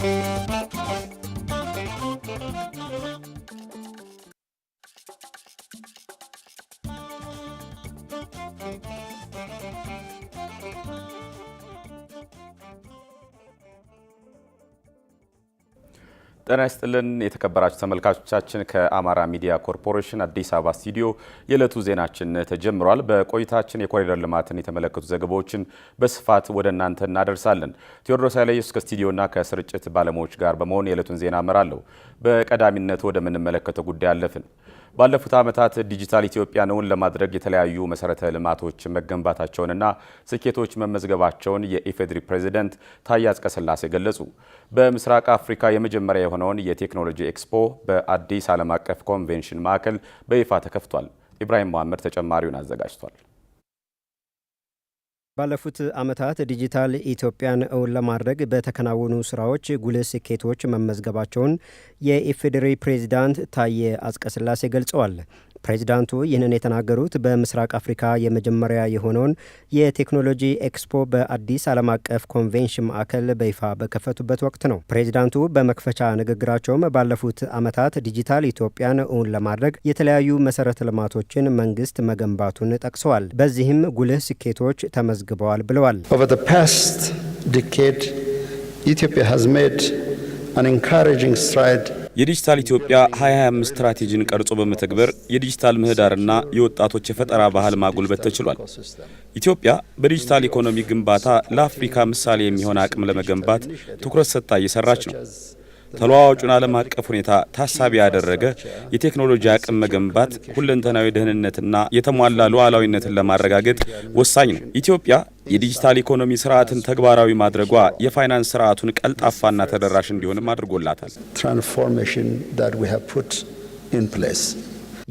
Música ጤና ይስጥልን የተከበራችሁ ተመልካቾቻችን፣ ከአማራ ሚዲያ ኮርፖሬሽን አዲስ አበባ ስቱዲዮ የዕለቱ ዜናችን ተጀምሯል። በቆይታችን የኮሪደር ልማትን የተመለከቱ ዘገባዎችን በስፋት ወደ እናንተ እናደርሳለን። ቴዎድሮስ ኃይለየሱስ ከስቱዲዮና ከስርጭት ባለሙያዎች ጋር በመሆን የዕለቱን ዜና እመራለሁ። በቀዳሚነት ወደምንመለከተው ጉዳይ አለፍን። ባለፉት ዓመታት ዲጂታል ኢትዮጵያን እውን ለማድረግ የተለያዩ መሰረተ ልማቶች መገንባታቸውንና ስኬቶች መመዝገባቸውን የኢፌዴሪ ፕሬዚደንት ታዬ አጽቀሥላሴ ገለጹ። በምስራቅ አፍሪካ የመጀመሪያ የሆነውን የቴክኖሎጂ ኤክስፖ በአዲስ ዓለም አቀፍ ኮንቬንሽን ማዕከል በይፋ ተከፍቷል። ኢብራሂም መሐመድ ተጨማሪውን አዘጋጅቷል። ባለፉት ዓመታት ዲጂታል ኢትዮጵያን እውን ለማድረግ በተከናወኑ ስራዎች ጉልህ ስኬቶች መመዝገባቸውን የኢፌዴሪ ፕሬዚዳንት ታዬ አጽቀሥላሴ ገልጸዋል። ፕሬዚዳንቱ ይህንን የተናገሩት በምስራቅ አፍሪካ የመጀመሪያ የሆነውን የቴክኖሎጂ ኤክስፖ በአዲስ ዓለም አቀፍ ኮንቬንሽን ማዕከል በይፋ በከፈቱበት ወቅት ነው። ፕሬዚዳንቱ በመክፈቻ ንግግራቸውም ባለፉት ዓመታት ዲጂታል ኢትዮጵያን እውን ለማድረግ የተለያዩ መሰረተ ልማቶችን መንግስት መገንባቱን ጠቅሰዋል። በዚህም ጉልህ ስኬቶች ተመዝግበዋል ብለዋል። ኢትዮጵያ has ሜድ አን ኢንካሬጂንግ ስትራይድ የዲጂታል ኢትዮጵያ 2025 ስትራቴጂን ቀርጾ በመተግበር የዲጂታል ምህዳርና የወጣቶች የፈጠራ ባህል ማጎልበት ተችሏል። ኢትዮጵያ በዲጂታል ኢኮኖሚ ግንባታ ለአፍሪካ ምሳሌ የሚሆን አቅም ለመገንባት ትኩረት ሰጥታ እየሰራች ነው። ተለዋዋጩን ዓለም አቀፍ ሁኔታ ታሳቢ ያደረገ የቴክኖሎጂ አቅም መገንባት ሁለንተናዊ ደህንነትና የተሟላ ሉዓላዊነትን ለማረጋገጥ ወሳኝ ነው። ኢትዮጵያ የዲጂታል ኢኮኖሚ ስርዓትን ተግባራዊ ማድረጓ የፋይናንስ ስርዓቱን ቀልጣፋና ተደራሽ እንዲሆንም አድርጎላታል።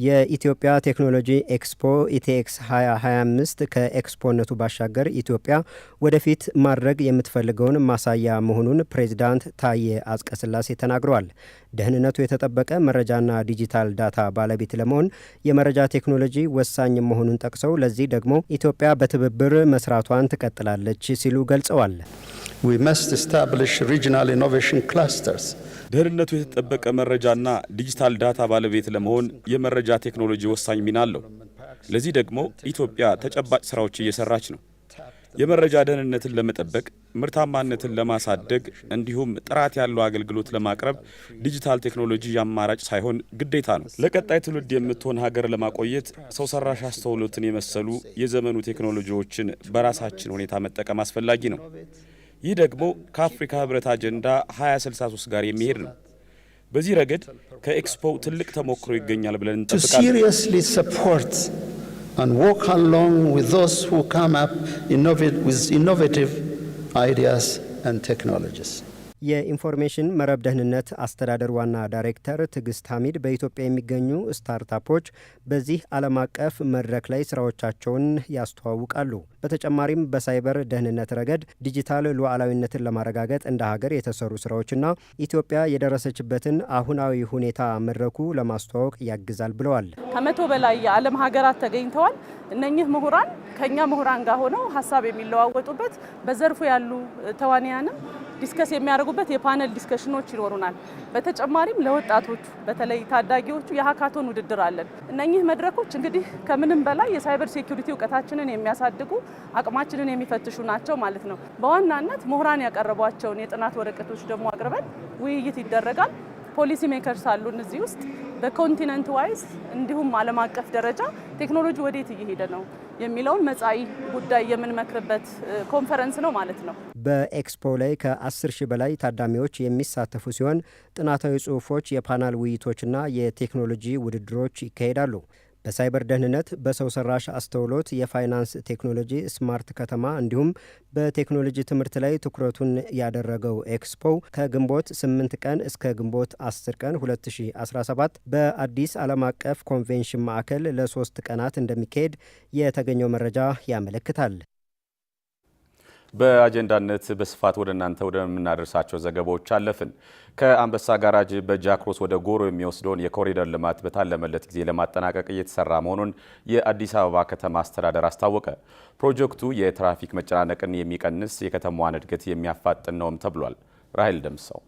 የኢትዮጵያ ቴክኖሎጂ ኤክስፖ ኢቴክስ 2025 ከኤክስፖነቱ ባሻገር ኢትዮጵያ ወደፊት ማድረግ የምትፈልገውን ማሳያ መሆኑን ፕሬዚዳንት ታዬ አጽቀሥላሴ ተናግረዋል። ደህንነቱ የተጠበቀ መረጃና ዲጂታል ዳታ ባለቤት ለመሆን የመረጃ ቴክኖሎጂ ወሳኝ መሆኑን ጠቅሰው ለዚህ ደግሞ ኢትዮጵያ በትብብር መስራቷን ትቀጥላለች ሲሉ ገልጸዋል። We must establish regional innovation clusters. ደህንነቱ የተጠበቀ መረጃና ዲጂታል ዳታ ባለቤት ለመሆን የመረጃ ቴክኖሎጂ ወሳኝ ሚና አለው። ለዚህ ደግሞ ኢትዮጵያ ተጨባጭ ስራዎች እየሰራች ነው። የመረጃ ደህንነትን ለመጠበቅ፣ ምርታማነትን ለማሳደግ እንዲሁም ጥራት ያለው አገልግሎት ለማቅረብ ዲጂታል ቴክኖሎጂ የአማራጭ ሳይሆን ግዴታ ነው። ለቀጣይ ትውልድ የምትሆን ሀገር ለማቆየት ሰው ሰራሽ አስተውሎትን የመሰሉ የዘመኑ ቴክኖሎጂዎችን በራሳችን ሁኔታ መጠቀም አስፈላጊ ነው። ይህ ደግሞ ከአፍሪካ ህብረት አጀንዳ 2063 ጋር የሚሄድ ነው። በዚህ ረገድ ከኤክስፖ ትልቅ ተሞክሮ ይገኛል ብለን እንጠብቃለን። የኢንፎርሜሽን መረብ ደህንነት አስተዳደር ዋና ዳይሬክተር ትዕግስት ሐሚድ በኢትዮጵያ የሚገኙ ስታርታፖች በዚህ ዓለም አቀፍ መድረክ ላይ ስራዎቻቸውን ያስተዋውቃሉ። በተጨማሪም በሳይበር ደህንነት ረገድ ዲጂታል ሉዓላዊነትን ለማረጋገጥ እንደ ሀገር የተሰሩ ስራዎችና ኢትዮጵያ የደረሰችበትን አሁናዊ ሁኔታ መድረኩ ለማስተዋወቅ ያግዛል ብለዋል። ከመቶ በላይ የዓለም ሀገራት ተገኝተዋል። እነኚህ ምሁራን ከእኛ ምሁራን ጋር ሆነው ሀሳብ የሚለዋወጡበት በዘርፉ ያሉ ተዋንያንም ዲስከስ የሚያደርጉበት የፓነል ዲስከሽኖች ይኖሩናል። በተጨማሪም ለወጣቶቹ በተለይ ታዳጊዎቹ የሀካቶን ውድድር አለን። እነኚህ መድረኮች እንግዲህ ከምንም በላይ የሳይበር ሴኩሪቲ እውቀታችንን የሚያሳድጉ አቅማችንን የሚፈትሹ ናቸው ማለት ነው። በዋናነት ምሁራን ያቀረቧቸውን የጥናት ወረቀቶች ደግሞ አቅርበን ውይይት ይደረጋል። ፖሊሲ ሜከርስ አሉን እዚህ ውስጥ በኮንቲነንት ዋይዝ እንዲሁም ዓለም አቀፍ ደረጃ ቴክኖሎጂ ወዴት እየሄደ ነው የሚለውን መጻኢ ጉዳይ የምንመክርበት ኮንፈረንስ ነው ማለት ነው። በኤክስፖ ላይ ከ10 በላይ ታዳሚዎች የሚሳተፉ ሲሆን ጥናታዊ ጽሑፎች፣ የፓናል ውይይቶችና የቴክኖሎጂ ውድድሮች ይካሄዳሉ። በሳይበር ደህንነት፣ በሰው ሰራሽ አስተውሎት፣ የፋይናንስ ቴክኖሎጂ፣ ስማርት ከተማ እንዲሁም በቴክኖሎጂ ትምህርት ላይ ትኩረቱን ያደረገው ኤክስፖ ከግንቦት 8 ቀን እስከ ግንቦት 10 ቀን 2017 በአዲስ ዓለም አቀፍ ኮንቬንሽን ማዕከል ለሶስት ቀናት እንደሚካሄድ የተገኘው መረጃ ያመለክታል። በአጀንዳነት በስፋት ወደ እናንተ ወደምናደርሳቸው ዘገባዎች አለፍን። ከአንበሳ ጋራጅ በጃክሮስ ወደ ጎሮ የሚወስደውን የኮሪደር ልማት በታለመለት ጊዜ ለማጠናቀቅ እየተሰራ መሆኑን የአዲስ አበባ ከተማ አስተዳደር አስታወቀ። ፕሮጀክቱ የትራፊክ መጨናነቅን የሚቀንስ የከተማዋን እድገት የሚያፋጥን ነውም ተብሏል። ራሄል ደምሰው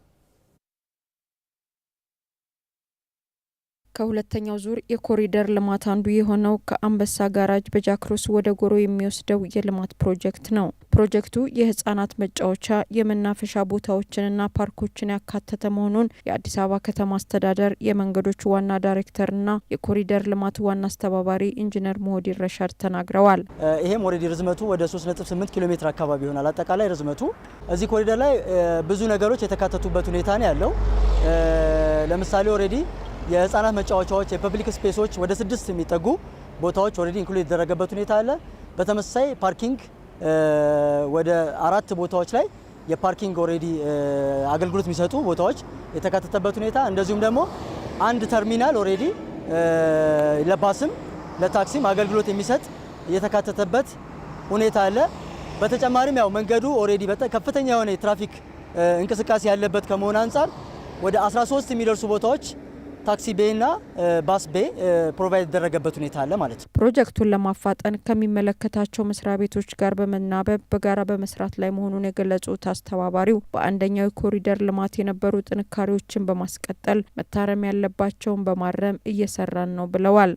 ከሁለተኛው ዙር የኮሪደር ልማት አንዱ የሆነው ከአንበሳ ጋራጅ በጃክሮስ ወደ ጎሮ የሚወስደው የልማት ፕሮጀክት ነው። ፕሮጀክቱ የህጻናት መጫወቻ፣ የመናፈሻ ቦታዎችንና ፓርኮችን ያካተተ መሆኑን የአዲስ አበባ ከተማ አስተዳደር የመንገዶች ዋና ዳይሬክተርና የኮሪደር ልማት ዋና አስተባባሪ ኢንጂነር ሞህዲር ረሻድ ተናግረዋል። ይሄም ኦልሬዲ ርዝመቱ ወደ 3.8 ኪሎ ሜትር አካባቢ ይሆናል። አጠቃላይ ርዝመቱ እዚህ ኮሪደር ላይ ብዙ ነገሮች የተካተቱበት ሁኔታ ነው ያለው። ለምሳሌ ኦልሬዲ የህፃናት መጫወቻዎች፣ የፐብሊክ ስፔሶች ወደ ስድስት የሚጠጉ ቦታዎች ኦልሬዲ ኢንክሉድ የተደረገበት ሁኔታ አለ። በተመሳሳይ ፓርኪንግ ወደ አራት ቦታዎች ላይ የፓርኪንግ ኦልሬዲ አገልግሎት የሚሰጡ ቦታዎች የተካተተበት ሁኔታ እንደዚሁም ደግሞ አንድ ተርሚናል ኦልሬዲ ለባስም ለታክሲም አገልግሎት የሚሰጥ የተካተተበት ሁኔታ አለ። በተጨማሪም ያው መንገዱ ኦልሬዲ ከፍተኛ የሆነ የትራፊክ እንቅስቃሴ ያለበት ከመሆን አንጻር ወደ 13 የሚደርሱ ቦታዎች ታክሲ ቤና ባስ ቤ ፕሮቫይድ የተደረገበት ሁኔታ አለ ማለት ነው። ፕሮጀክቱን ለማፋጠን ከሚመለከታቸው መስሪያ ቤቶች ጋር በመናበብ በጋራ በመስራት ላይ መሆኑን የገለጹት አስተባባሪው በአንደኛው የኮሪደር ልማት የነበሩ ጥንካሬዎችን በማስቀጠል መታረም ያለባቸውን በማረም እየሰራን ነው ብለዋል።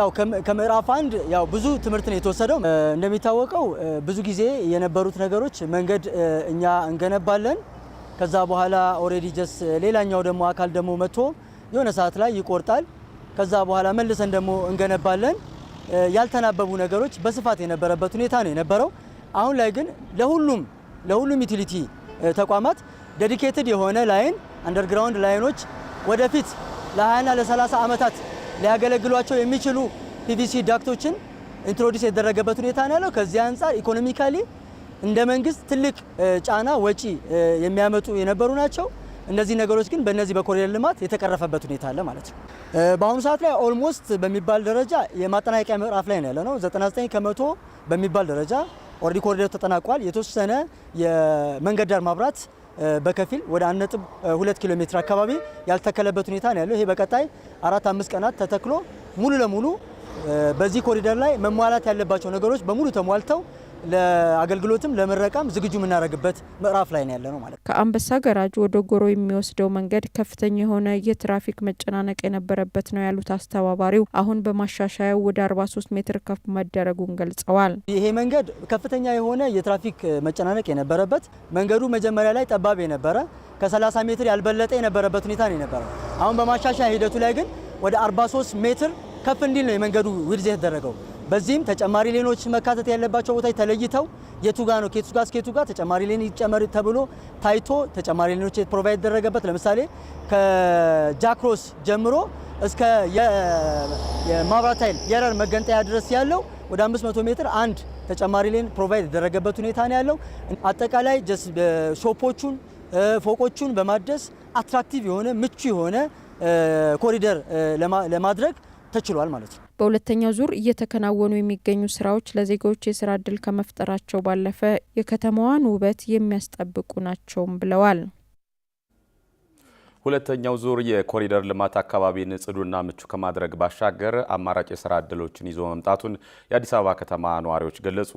ያው ከምዕራፍ አንድ ያው ብዙ ትምህርት ነው የተወሰደው። እንደሚታወቀው ብዙ ጊዜ የነበሩት ነገሮች መንገድ እኛ እንገነባለን ከዛ በኋላ ኦልሬዲ ጀስ ሌላኛው ደግሞ አካል ደግሞ መጥቶ የሆነ ሰዓት ላይ ይቆርጣል። ከዛ በኋላ መልሰን ደግሞ እንገነባለን። ያልተናበቡ ነገሮች በስፋት የነበረበት ሁኔታ ነው የነበረው። አሁን ላይ ግን ለሁሉም ለሁሉም ዩቲሊቲ ተቋማት ዴዲኬትድ የሆነ ላይን አንደርግራውንድ ላይኖች ወደፊት ለ20ና ለ30 ዓመታት ሊያገለግሏቸው የሚችሉ ፒቪሲ ዳክቶችን ኢንትሮዲስ የተደረገበት ሁኔታ ነው ያለው። ከዚህ አንጻር ኢኮኖሚካሊ እንደ መንግስት ትልቅ ጫና ወጪ የሚያመጡ የነበሩ ናቸው። እነዚህ ነገሮች ግን በእነዚህ በኮሪደር ልማት የተቀረፈበት ሁኔታ አለ ማለት ነው። በአሁኑ ሰዓት ላይ ኦልሞስት በሚባል ደረጃ የማጠናቀቂያ ምዕራፍ ላይ ነው ያለ ነው። 99 ከመቶ በሚባል ደረጃ ኦልሬዲ ኮሪደር ተጠናቋል። የተወሰነ የመንገድ ዳር ማብራት በከፊል ወደ 1.2 ኪሎ ሜትር አካባቢ ያልተከለበት ሁኔታ ነው ያለው። ይሄ በቀጣይ አራት አምስት ቀናት ተተክሎ ሙሉ ለሙሉ በዚህ ኮሪደር ላይ መሟላት ያለባቸው ነገሮች በሙሉ ተሟልተው ለአገልግሎትም ለምረቃም ዝግጁ የምናደርግበት ምዕራፍ ላይ ነው ያለነው ማለት ነው። ከአንበሳ ገራጅ ወደ ጎሮ የሚወስደው መንገድ ከፍተኛ የሆነ የትራፊክ መጨናነቅ የነበረበት ነው ያሉት አስተባባሪው፣ አሁን በማሻሻያው ወደ 43 ሜትር ከፍ መደረጉን ገልጸዋል። ይሄ መንገድ ከፍተኛ የሆነ የትራፊክ መጨናነቅ የነበረበት መንገዱ መጀመሪያ ላይ ጠባብ የነበረ ከ30 ሜትር ያልበለጠ የነበረበት ሁኔታ ነው የነበረ። አሁን በማሻሻያ ሂደቱ ላይ ግን ወደ 43 ሜትር ከፍ እንዲል ነው የመንገዱ ውድዝ የተደረገው። በዚህም ተጨማሪ ሌኖች መካተት ያለባቸው ቦታ ተለይተው የቱ ጋ ነው ከቱ ጋር ተጨማሪ ሌን ይጨመር ተብሎ ታይቶ ተጨማሪ ሌኖች ፕሮቫይድ ደረገበት ለምሳሌ ከጃክሮስ ጀምሮ እስከ የማብራት ኃይል የረር መገንጠያ ድረስ ያለው ወደ 500 ሜትር አንድ ተጨማሪ ሌን ፕሮቫይድ የደረገበት ሁኔታ ነው ያለው። አጠቃላይ ሾፖቹን ፎቆቹን በማደስ አትራክቲቭ የሆነ ምቹ የሆነ ኮሪደር ለማድረግ ተችሏል ማለት ነው። በሁለተኛው ዙር እየተከናወኑ የሚገኙ ስራዎች ለዜጎች የስራ እድል ከመፍጠራቸው ባለፈ የከተማዋን ውበት የሚያስጠብቁ ናቸውም ብለዋል። ሁለተኛው ዙር የኮሪደር ልማት አካባቢን ጽዱና ምቹ ከማድረግ ባሻገር አማራጭ የስራ እድሎችን ይዞ መምጣቱን የአዲስ አበባ ከተማ ነዋሪዎች ገለጹ።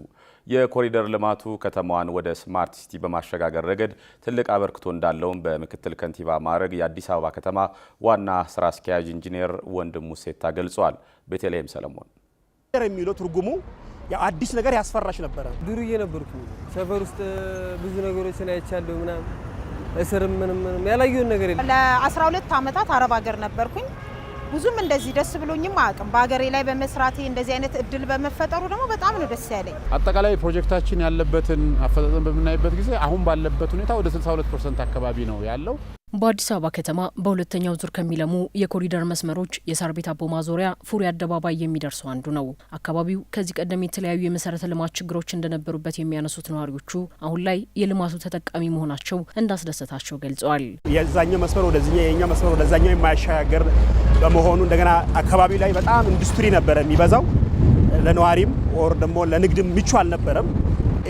የኮሪደር ልማቱ ከተማዋን ወደ ስማርት ሲቲ በማሸጋገር ረገድ ትልቅ አበርክቶ እንዳለውም በምክትል ከንቲባ ማዕረግ የአዲስ አበባ ከተማ ዋና ስራ አስኪያጅ ኢንጂነር ወንድሙ ሴታ ገልጿል። ቤተልሔም ሰለሞን የሚለው ትርጉሙ አዲስ ነገር ያስፈራሽ ነበረ። ዱርዬ ነበርኩ። ሰፈር ውስጥ ብዙ ነገሮችን አይቻለሁ ምናምን እስርም ምንም ምንም ነገር የለም። ለ12 ዓመታት አረብ ሀገር ነበርኩኝ ብዙም እንደዚህ ደስ ብሎኝም አያውቅም። በሀገሬ ላይ በመስራቴ እንደዚህ አይነት እድል በመፈጠሩ ደግሞ በጣም ነው ደስ ያለኝ። አጠቃላይ ፕሮጀክታችን ያለበትን አፈጻጸም በምናይበት ጊዜ አሁን ባለበት ሁኔታ ወደ 62 ፐርሰንት አካባቢ ነው ያለው። በአዲስ አበባ ከተማ በሁለተኛው ዙር ከሚለሙ የኮሪደር መስመሮች የሳር ቤት አቦ ማዞሪያ ፉሪ አደባባይ የሚደርሰው አንዱ ነው። አካባቢው ከዚህ ቀደም የተለያዩ የመሰረተ ልማት ችግሮች እንደነበሩበት የሚያነሱት ነዋሪዎቹ አሁን ላይ የልማቱ ተጠቃሚ መሆናቸው እንዳስደሰታቸው ገልጸዋል። የዛኛው መስመር ወደዚኛው፣ የኛው መስመር ወደዛኛው የማያሻገር በመሆኑ እንደገና አካባቢው ላይ በጣም ኢንዱስትሪ ነበረ የሚበዛው ለነዋሪም ኦር ደግሞ ለንግድም ምቹ አልነበረም።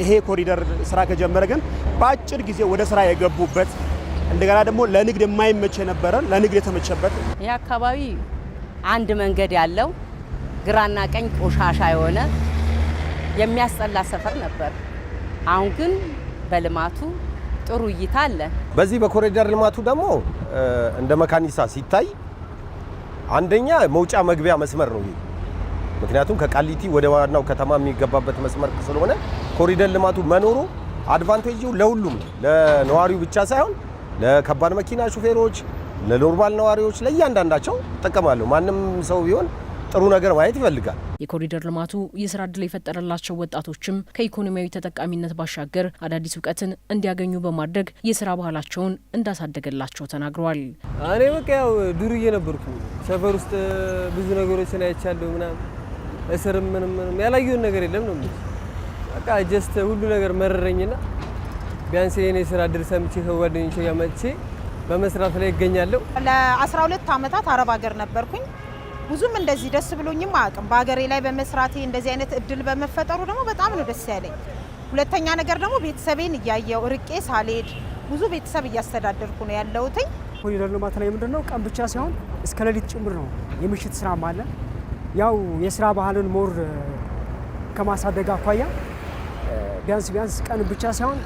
ይሄ ኮሪደር ስራ ከጀመረ ግን በአጭር ጊዜ ወደ ስራ የገቡበት እንደገና ደግሞ ለንግድ የማይመች የነበረ ለንግድ የተመቸበት ይህ አካባቢ አንድ መንገድ ያለው ግራና ቀኝ ቆሻሻ የሆነ የሚያስጠላ ሰፈር ነበር። አሁን ግን በልማቱ ጥሩ እይታ አለ። በዚህ በኮሪደር ልማቱ ደግሞ እንደ መካኒሳ ሲታይ አንደኛ መውጫ መግቢያ መስመር ነው ይሄ። ምክንያቱም ከቃሊቲ ወደ ዋናው ከተማ የሚገባበት መስመር ስለሆነ ኮሪደር ልማቱ መኖሩ አድቫንቴጁ ለሁሉም ለነዋሪው ብቻ ሳይሆን ለከባድ መኪና ሹፌሮች፣ ለኖርማል ነዋሪዎች፣ ለእያንዳንዳቸው እጠቀማለሁ። ማንም ሰው ቢሆን ጥሩ ነገር ማየት ይፈልጋል። የኮሪደር ልማቱ የስራ እድል የፈጠረላቸው ወጣቶችም ከኢኮኖሚያዊ ተጠቃሚነት ባሻገር አዳዲስ እውቀትን እንዲያገኙ በማድረግ የስራ ባህላቸውን እንዳሳደገላቸው ተናግረዋል። እኔ በቃ ያው ዱርዬ ነበርኩ። ሰፈር ውስጥ ብዙ ነገሮችን አይቻለሁ። ምናምን እስርም ምንም ምንም ያላየሁን ነገር የለም ነው በቃ ጀስት ሁሉ ነገር መረረኝና ቢያንስ ይህን የስራ እድል ሰምቼ ከጓደኞቼ ጋር መጥቼ በመስራት ላይ ይገኛለሁ። ለ12 ዓመታት አረብ ሀገር ነበርኩኝ። ብዙም እንደዚህ ደስ ብሎኝም አያውቅም። በሀገሬ ላይ በመስራቴ እንደዚህ አይነት እድል በመፈጠሩ ደግሞ በጣም ነው ደስ ያለኝ። ሁለተኛ ነገር ደግሞ ቤተሰቤን እያየው ርቄ ሳልሄድ ብዙ ቤተሰብ እያስተዳደርኩ ነው ያለሁትኝ። ኮሪደር ልማት ላይ ምንድን ነው ቀን ብቻ ሳይሆን እስከ ሌሊት ጭምር ነው። የምሽት ስራ አለ። ያው የስራ ባህልን ሞር ከማሳደግ አኳያ ቢያንስ ቢያንስ ቀን ብቻ ሳይሆን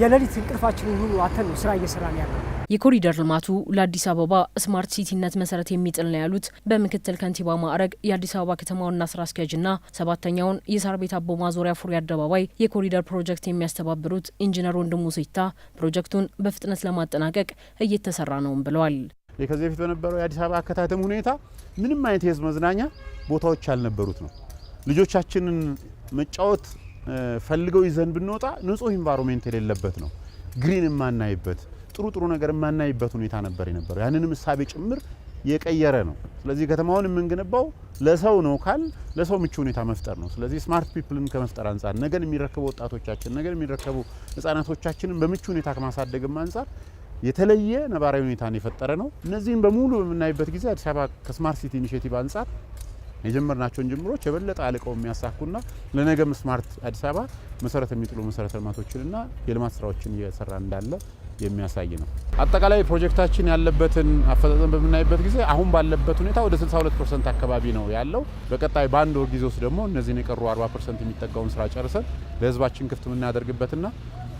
የሌሊት እንቅልፋችንን ሁሉ አተን ነው ስራ እየሰራን ያለ። የኮሪደር ልማቱ ለአዲስ አበባ ስማርት ሲቲነት መሰረት የሚጥል ነው ያሉት በምክትል ከንቲባ ማዕረግ የአዲስ አበባ ከተማ ዋና ስራ አስኪያጅና ሰባተኛውን የሳር ቤት አቦ ማዞሪያ ፉሪ አደባባይ የኮሪደር ፕሮጀክት የሚያስተባብሩት ኢንጂነር ወንድሙ ሴታ ፕሮጀክቱን በፍጥነት ለማጠናቀቅ እየተሰራ ነውም ብለዋል። ከዚህ በፊት በነበረው የአዲስ አበባ አከታተም ሁኔታ ምንም አይነት የህዝብ መዝናኛ ቦታዎች ያልነበሩት ነው። ልጆቻችንን መጫወት ፈልገው ይዘን ብንወጣ ንጹህ ኢንቫይሮንሜንት የሌለበት ነው። ግሪን የማናይበት ጥሩ ጥሩ ነገር የማናይበት ሁኔታ ነበር የነበረው። ያንንም እሳቤ ጭምር የቀየረ ነው። ስለዚህ ከተማውን የምንገነባው ለሰው ነው ካል ለሰው ምቹ ሁኔታ መፍጠር ነው። ስለዚህ ስማርት ፒፕልን ከመፍጠር አንጻር ነገን የሚረከቡ ወጣቶቻችን፣ ነገን የሚረከቡ ህጻናቶቻችንን በምቹ ሁኔታ ከማሳደግም አንጻር የተለየ ነባራዊ ሁኔታን የፈጠረ ነው። እነዚህን በሙሉ በምናይበት ጊዜ አዲስ አበባ ከስማርት ሲቲ ኢኒሼቲቭ አንጻር የጀመርናቸውን ጅምሮች የበለጠ አልቀው የሚያሳኩና ለነገም ስማርት አዲስ አበባ መሰረት የሚጥሉ መሰረተ ልማቶችንና የልማት ስራዎችን እየሰራ እንዳለ የሚያሳይ ነው። አጠቃላይ ፕሮጀክታችን ያለበትን አፈጻጸም በምናይበት ጊዜ አሁን ባለበት ሁኔታ ወደ 62 ፐርሰንት አካባቢ ነው ያለው። በቀጣይ በአንድ ወር ጊዜ ውስጥ ደግሞ እነዚህን የቀሩ 40 ፐርሰንት የሚጠጋውን ስራ ጨርሰን ለህዝባችን ክፍት የምናደርግበትና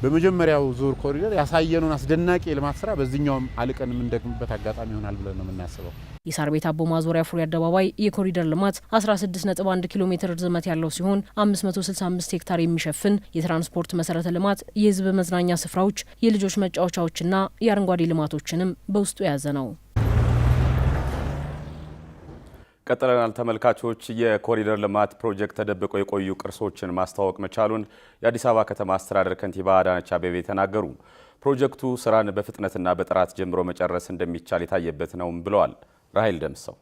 በመጀመሪያው ዙር ኮሪደር ያሳየነውን አስደናቂ የልማት ስራ በዚህኛውም አልቀን የምንደግምበት አጋጣሚ ይሆናል ብለን ነው የምናስበው። የሳር ቤት አቦ ማዞሪያ ፍሬ አደባባይ የኮሪደር ልማት 16.1 ኪሎ ሜትር ርዝመት ያለው ሲሆን 565 ሄክታር የሚሸፍን የትራንስፖርት መሰረተ ልማት፣ የህዝብ መዝናኛ ስፍራዎች፣ የልጆች መጫወቻዎችና የአረንጓዴ ልማቶችንም በውስጡ የያዘ ነው። ቀጥለናል ተመልካቾች። የኮሪደር ልማት ፕሮጀክት ተደብቀው የቆዩ ቅርሶችን ማስተዋወቅ መቻሉን የአዲስ አበባ ከተማ አስተዳደር ከንቲባ አዳነች አቤቤ ተናገሩ። ፕሮጀክቱ ስራን በፍጥነትና በጥራት ጀምሮ መጨረስ እንደሚቻል የታየበት ነውም ብለዋል። ራሄል ደምሰው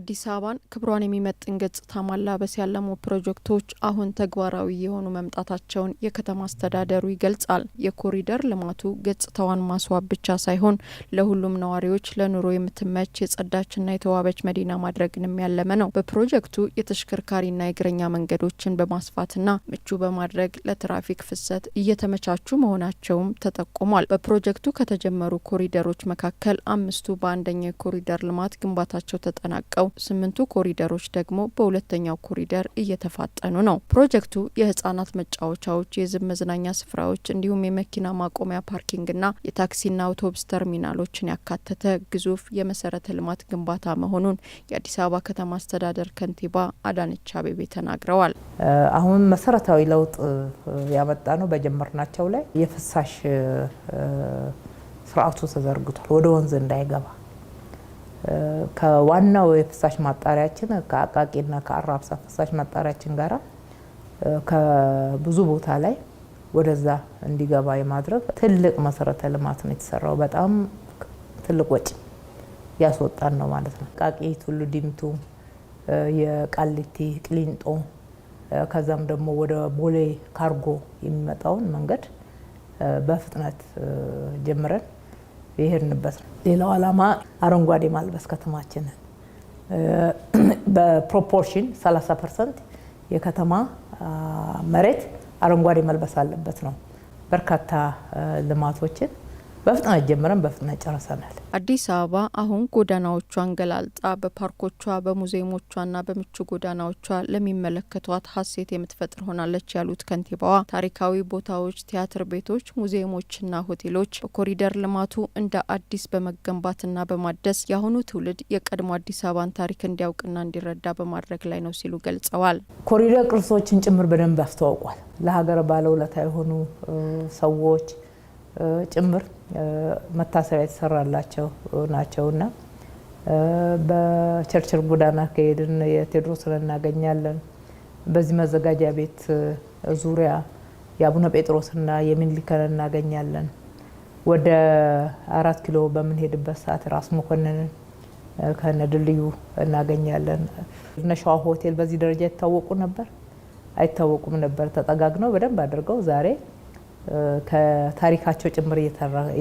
አዲስ አበባን ክብሯን የሚመጥን ገጽታ ማላበስ ያለሙ ፕሮጀክቶች አሁን ተግባራዊ የሆኑ መምጣታቸውን የከተማ አስተዳደሩ ይገልጻል። የኮሪደር ልማቱ ገጽታዋን ማስዋብ ብቻ ሳይሆን ለሁሉም ነዋሪዎች ለኑሮ የምትመች የጸዳችና የተዋበች መዲና ማድረግንም ያለመ ነው። በፕሮጀክቱ የተሽከርካሪና የእግረኛ መንገዶችን በማስፋትና ምቹ በማድረግ ለትራፊክ ፍሰት እየተመቻቹ መሆናቸውም ተጠቁሟል። በፕሮጀክቱ ከተጀመሩ ኮሪደሮች መካከል አምስቱ በአንደኛው የኮሪደር ልማት ግንባታቸው ተጠናቀው ተጠናቀው ስምንቱ ኮሪደሮች ደግሞ በሁለተኛው ኮሪደር እየተፋጠኑ ነው። ፕሮጀክቱ የህጻናት መጫወቻዎች፣ የህዝብ መዝናኛ ስፍራዎች እንዲሁም የመኪና ማቆሚያ ፓርኪንግና የታክሲና አውቶቡስ ተርሚናሎችን ያካተተ ግዙፍ የመሰረተ ልማት ግንባታ መሆኑን የአዲስ አበባ ከተማ አስተዳደር ከንቲባ አዳነች አቤቤ ተናግረዋል። አሁን መሰረታዊ ለውጥ ያመጣ ነው። በጀመርናቸው ላይ የፍሳሽ ስርዓቱ ተዘርግቷል። ወደ ወንዝ እንዳይገባ ከዋናው የፍሳሽ ማጣሪያችን ከአቃቂና ከአራብሳ ፍሳሽ ማጣሪያችን ጋር ከብዙ ቦታ ላይ ወደዛ እንዲገባ የማድረግ ትልቅ መሰረተ ልማት ነው የተሰራው። በጣም ትልቅ ወጪ ያስወጣን ነው ማለት ነው። አቃቂ፣ ቱሉ ዲምቱ፣ የቃሊቲ፣ ቅሊንጦ ከዛም ደግሞ ወደ ቦሌ ካርጎ የሚመጣውን መንገድ በፍጥነት ጀምረን የሄድንበት ነው። ሌላው ዓላማ አረንጓዴ ማልበስ ከተማችንን በፕሮፖርሽን 30 ፐርሰንት የከተማ መሬት አረንጓዴ መልበስ አለበት ነው። በርካታ ልማቶችን በፍጥነት ጀምረን በፍጥነት ጨርሰናል። አዲስ አበባ አሁን ጎዳናዎቿን ገላልጣ በፓርኮቿ በሙዚየሞቿና በምቹ ጎዳናዎቿ ለሚመለከቷት ሀሴት የምትፈጥር ሆናለች ያሉት ከንቲባዋ ታሪካዊ ቦታዎች፣ ቲያትር ቤቶች፣ ሙዚየሞችና ሆቴሎች በኮሪደር ልማቱ እንደ አዲስ በመገንባትና በማደስ የአሁኑ ትውልድ የቀድሞ አዲስ አበባን ታሪክ እንዲያውቅና እንዲረዳ በማድረግ ላይ ነው ሲሉ ገልጸዋል። ኮሪደር ቅርሶችን ጭምር በደንብ አስተዋውቋል። ለሀገር ባለውለታ የሆኑ ሰዎች ጭምር መታሰቢያ የተሰራላቸው ናቸውና በቸርችል ጎዳና ከሄድን የቴዎድሮስን እናገኛለን። በዚህ መዘጋጃ ቤት ዙሪያ የአቡነ ጴጥሮስና የሚኒሊክን እናገኛለን። ወደ አራት ኪሎ በምንሄድበት ሰዓት ራስ መኮንንን ከነ ድልድዩ እናገኛለን። ነሸዋ ሆቴል በዚህ ደረጃ ይታወቁ ነበር አይታወቁም ነበር። ተጠጋግነው በደንብ አድርገው ዛሬ ከታሪካቸው ጭምር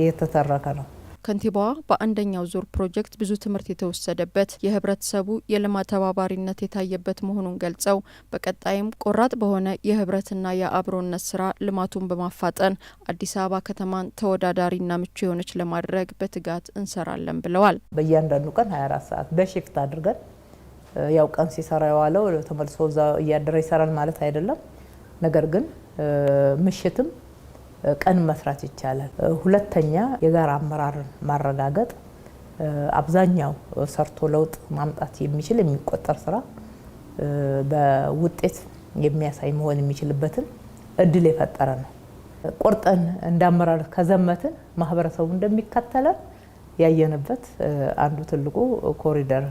እየተተረከ ነው። ከንቲባዋ በአንደኛው ዙር ፕሮጀክት ብዙ ትምህርት የተወሰደበት የህብረተሰቡ የልማት ተባባሪነት የታየበት መሆኑን ገልጸው በቀጣይም ቆራጥ በሆነ የህብረትና የአብሮነት ስራ ልማቱን በማፋጠን አዲስ አበባ ከተማን ተወዳዳሪና ምቹ የሆነች ለማድረግ በትጋት እንሰራለን ብለዋል። በእያንዳንዱ ቀን 24 ሰዓት በሽፍት አድርገን ያው ቀን ሲሰራ የዋለው ተመልሶ እዛ እያደረ ይሰራል ማለት አይደለም። ነገር ግን ምሽትም ቀን መስራት ይቻላል። ሁለተኛ የጋራ አመራርን ማረጋገጥ አብዛኛው ሰርቶ ለውጥ ማምጣት የሚችል የሚቆጠር ስራ በውጤት የሚያሳይ መሆን የሚችልበትን እድል የፈጠረ ነው። ቆርጠን እንዳመራር ከዘመትን ማህበረሰቡ እንደሚከተለን ያየንበት አንዱ ትልቁ ኮሪደር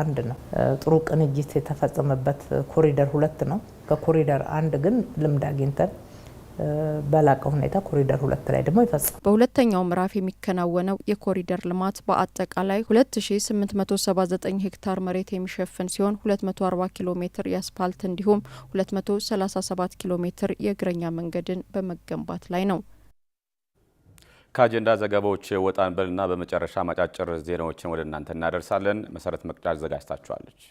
አንድ ነው። ጥሩ ቅንጅት የተፈጸመበት ኮሪደር ሁለት ነው። ከኮሪደር አንድ ግን ልምድ አግኝተን በላቀ ሁኔታ ኮሪደር ሁለት ላይ ደግሞ ይፈጽማል። በሁለተኛው ምዕራፍ የሚከናወነው የኮሪደር ልማት በአጠቃላይ 2879 ሄክታር መሬት የሚሸፍን ሲሆን 240 ኪሎ ሜትር የአስፓልት እንዲሁም 237 ኪሎ ሜትር የእግረኛ መንገድን በመገንባት ላይ ነው። ከአጀንዳ ዘገባዎች ወጣን በልና በመጨረሻ ማጫጭር ዜናዎችን ወደ እናንተ እናደርሳለን። መሰረት መቅዳ አዘጋጅታችኋለች።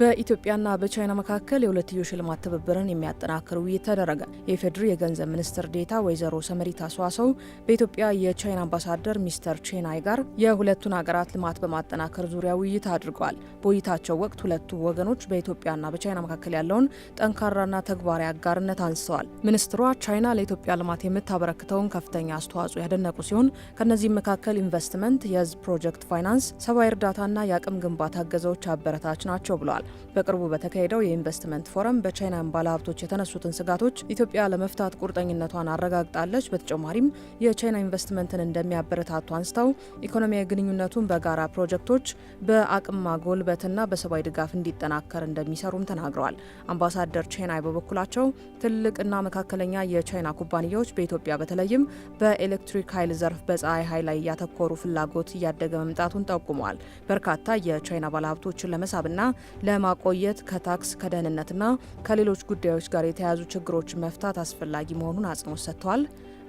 በኢትዮጵያና በቻይና መካከል የሁለትዮሽ ልማት ትብብርን የሚያጠናክር ውይይት ተደረገ። የፌዴሪ የገንዘብ ሚኒስትር ዴታ ወይዘሮ ሰመሪት አስዋሰው በኢትዮጵያ የቻይና አምባሳደር ሚስተር ቼናይ ጋር የሁለቱን ሀገራት ልማት በማጠናከር ዙሪያ ውይይት አድርገዋል። በውይይታቸው ወቅት ሁለቱ ወገኖች በኢትዮጵያና በቻይና መካከል ያለውን ጠንካራና ተግባራዊ አጋርነት አንስተዋል። ሚኒስትሯ ቻይና ለኢትዮጵያ ልማት የምታበረክተውን ከፍተኛ አስተዋጽኦ ያደነቁ ሲሆን ከእነዚህም መካከል ኢንቨስትመንት፣ የህዝብ ፕሮጀክት ፋይናንስ፣ ሰብአዊ እርዳታና የአቅም ግንባታ እገዛዎች አበረታች ናቸው ብለዋል። በቅርቡ በተካሄደው የኢንቨስትመንት ፎረም በቻይናን ባለሀብቶች የተነሱትን ስጋቶች ኢትዮጵያ ለመፍታት ቁርጠኝነቷን አረጋግጣለች። በተጨማሪም የቻይና ኢንቨስትመንትን እንደሚያበረታቱ አንስተው ኢኮኖሚያዊ ግንኙነቱን በጋራ ፕሮጀክቶች፣ በአቅም ማጎልበትና በሰብአዊ ድጋፍ እንዲጠናከር እንደሚሰሩም ተናግረዋል። አምባሳደር ቼናይ በበኩላቸው ትልቅና መካከለኛ የቻይና ኩባንያዎች በኢትዮጵያ በተለይም በኤሌክትሪክ ኃይል ዘርፍ በፀሐይ ኃይል ላይ እያተኮሩ ፍላጎት እያደገ መምጣቱን ጠቁመዋል። በርካታ የቻይና ባለሀብቶችን ለመሳብና ለ ለማቆየት ከታክስ ከደህንነትና ከሌሎች ጉዳዮች ጋር የተያያዙ ችግሮችን መፍታት አስፈላጊ መሆኑን አጽንኦት ሰጥተዋል።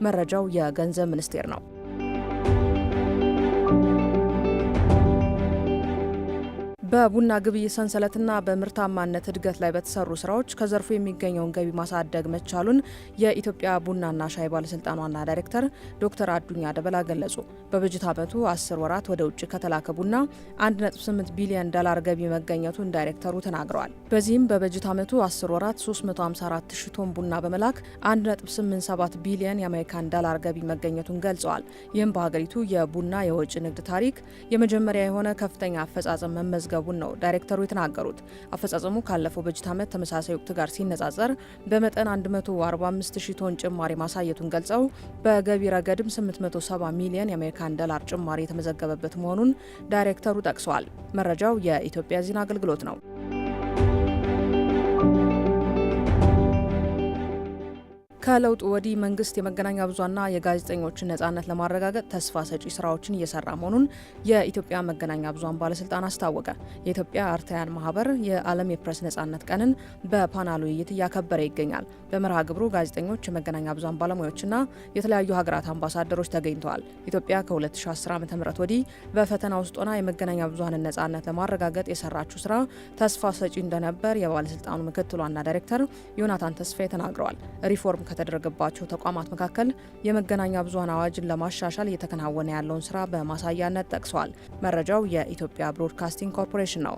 መረጃው የገንዘብ ሚኒስቴር ነው። በቡና ግብይት ሰንሰለትና በምርታማነት እድገት ላይ በተሰሩ ስራዎች ከዘርፉ የሚገኘውን ገቢ ማሳደግ መቻሉን የኢትዮጵያ ቡናና ሻይ ባለስልጣን ዋና ዳይሬክተር ዶክተር አዱኛ ደበላ ገለጹ። በበጀት ዓመቱ አስር ወራት ወደ ውጭ ከተላከ ቡና 1.8 ቢሊዮን ዶላር ገቢ መገኘቱን ዳይሬክተሩ ተናግረዋል። በዚህም በበጀት ዓመቱ 10 ወራት 354 ሺ ቶን ቡና በመላክ 1.87 ቢሊዮን የአሜሪካን ዶላር ገቢ መገኘቱን ገልጸዋል። ይህም በሀገሪቱ የቡና የወጪ ንግድ ታሪክ የመጀመሪያ የሆነ ከፍተኛ አፈጻጸም መመዝገቡ መገንዘቡን ነው ዳይሬክተሩ የተናገሩት። አፈጻጸሙ ካለፈው በጀት ዓመት ተመሳሳይ ወቅት ጋር ሲነጻጸር በመጠን 145 ሺህ ቶን ጭማሪ ማሳየቱን ገልጸው በገቢ ረገድም 870 ሚሊዮን የአሜሪካን ዶላር ጭማሪ የተመዘገበበት መሆኑን ዳይሬክተሩ ጠቅሰዋል። መረጃው የኢትዮጵያ ዜና አገልግሎት ነው። ከለውጡ ወዲህ መንግስት የመገናኛ ብዙሃንና የጋዜጠኞችን ነጻነት ለማረጋገጥ ተስፋ ሰጪ ስራዎችን እየሰራ መሆኑን የኢትዮጵያ መገናኛ ብዙሃን ባለስልጣን አስታወቀ። የኢትዮጵያ አርታያን ማህበር የዓለም የፕሬስ ነጻነት ቀንን በፓናል ውይይት እያከበረ ይገኛል። በመርሃ ግብሩ ጋዜጠኞች፣ የመገናኛ ብዙሃን ባለሙያዎችና የተለያዩ ሀገራት አምባሳደሮች ተገኝተዋል። ኢትዮጵያ ከ2010 ዓ ም ወዲህ በፈተና ውስጥ ሆና የመገናኛ ብዙሃንን ነጻነት ለማረጋገጥ የሰራችው ስራ ተስፋ ሰጪ እንደነበር የባለስልጣኑ ምክትል ዋና ዳይሬክተር ዮናታን ተስፋዬ ተናግረዋል። ሪፎርም ከተደረገባቸው ተቋማት መካከል የመገናኛ ብዙሀን አዋጅን ለማሻሻል እየተከናወነ ያለውን ስራ በማሳያነት ጠቅሰዋል። መረጃው የኢትዮጵያ ብሮድካስቲንግ ኮርፖሬሽን ነው።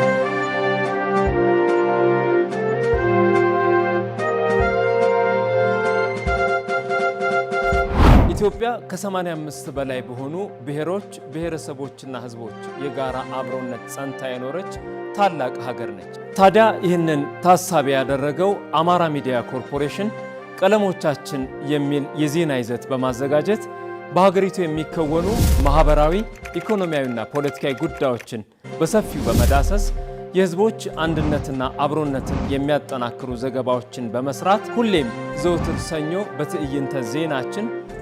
ኢትዮጵያ ከ85 በላይ በሆኑ ብሔሮች ብሔረሰቦችና ሕዝቦች የጋራ አብሮነት ጸንታ የኖረች ታላቅ ሀገር ነች። ታዲያ ይህንን ታሳቢ ያደረገው አማራ ሚዲያ ኮርፖሬሽን ቀለሞቻችን የሚል የዜና ይዘት በማዘጋጀት በሀገሪቱ የሚከወኑ ማኅበራዊ፣ ኢኮኖሚያዊና ፖለቲካዊ ጉዳዮችን በሰፊው በመዳሰስ የህዝቦች አንድነትና አብሮነትን የሚያጠናክሩ ዘገባዎችን በመስራት ሁሌም ዘውትር ሰኞ በትዕይንተ ዜናችን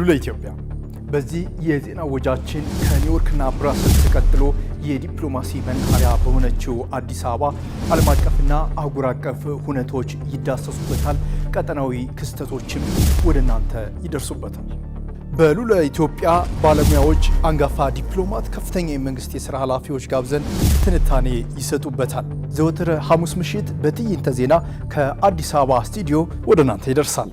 ሉላ ኢትዮጵያ በዚህ የዜና ወጃችን ከኒውዮርክና ብራስልስ ተቀጥሎ የዲፕሎማሲ መናኸሪያ በሆነችው አዲስ አበባ ዓለም አቀፍና አህጉር አቀፍ ሁነቶች ይዳሰሱበታል። ቀጠናዊ ክስተቶችም ወደ እናንተ ይደርሱበታል። በሉላ ኢትዮጵያ ባለሙያዎች፣ አንጋፋ ዲፕሎማት፣ ከፍተኛ የመንግስት የሥራ ኃላፊዎች ጋብዘን ትንታኔ ይሰጡበታል። ዘወትር ሐሙስ ምሽት በትዕይንተ ዜና ከአዲስ አበባ ስቱዲዮ ወደ እናንተ ይደርሳል።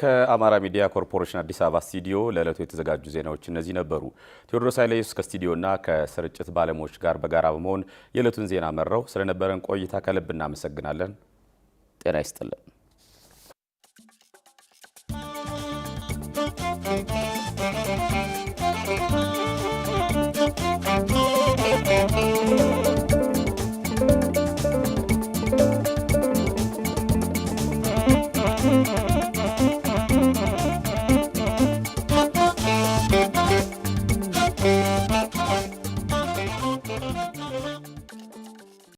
ከአማራ ሚዲያ ኮርፖሬሽን አዲስ አበባ ስቱዲዮ ለዕለቱ የተዘጋጁ ዜናዎች እነዚህ ነበሩ። ቴዎድሮስ ኃይለየሱስ ከስቱዲዮና ከስርጭት ባለሙያዎች ጋር በጋራ በመሆን የዕለቱን ዜና መራው። ስለነበረን ቆይታ ከልብ እናመሰግናለን። ጤና ይስጥልን።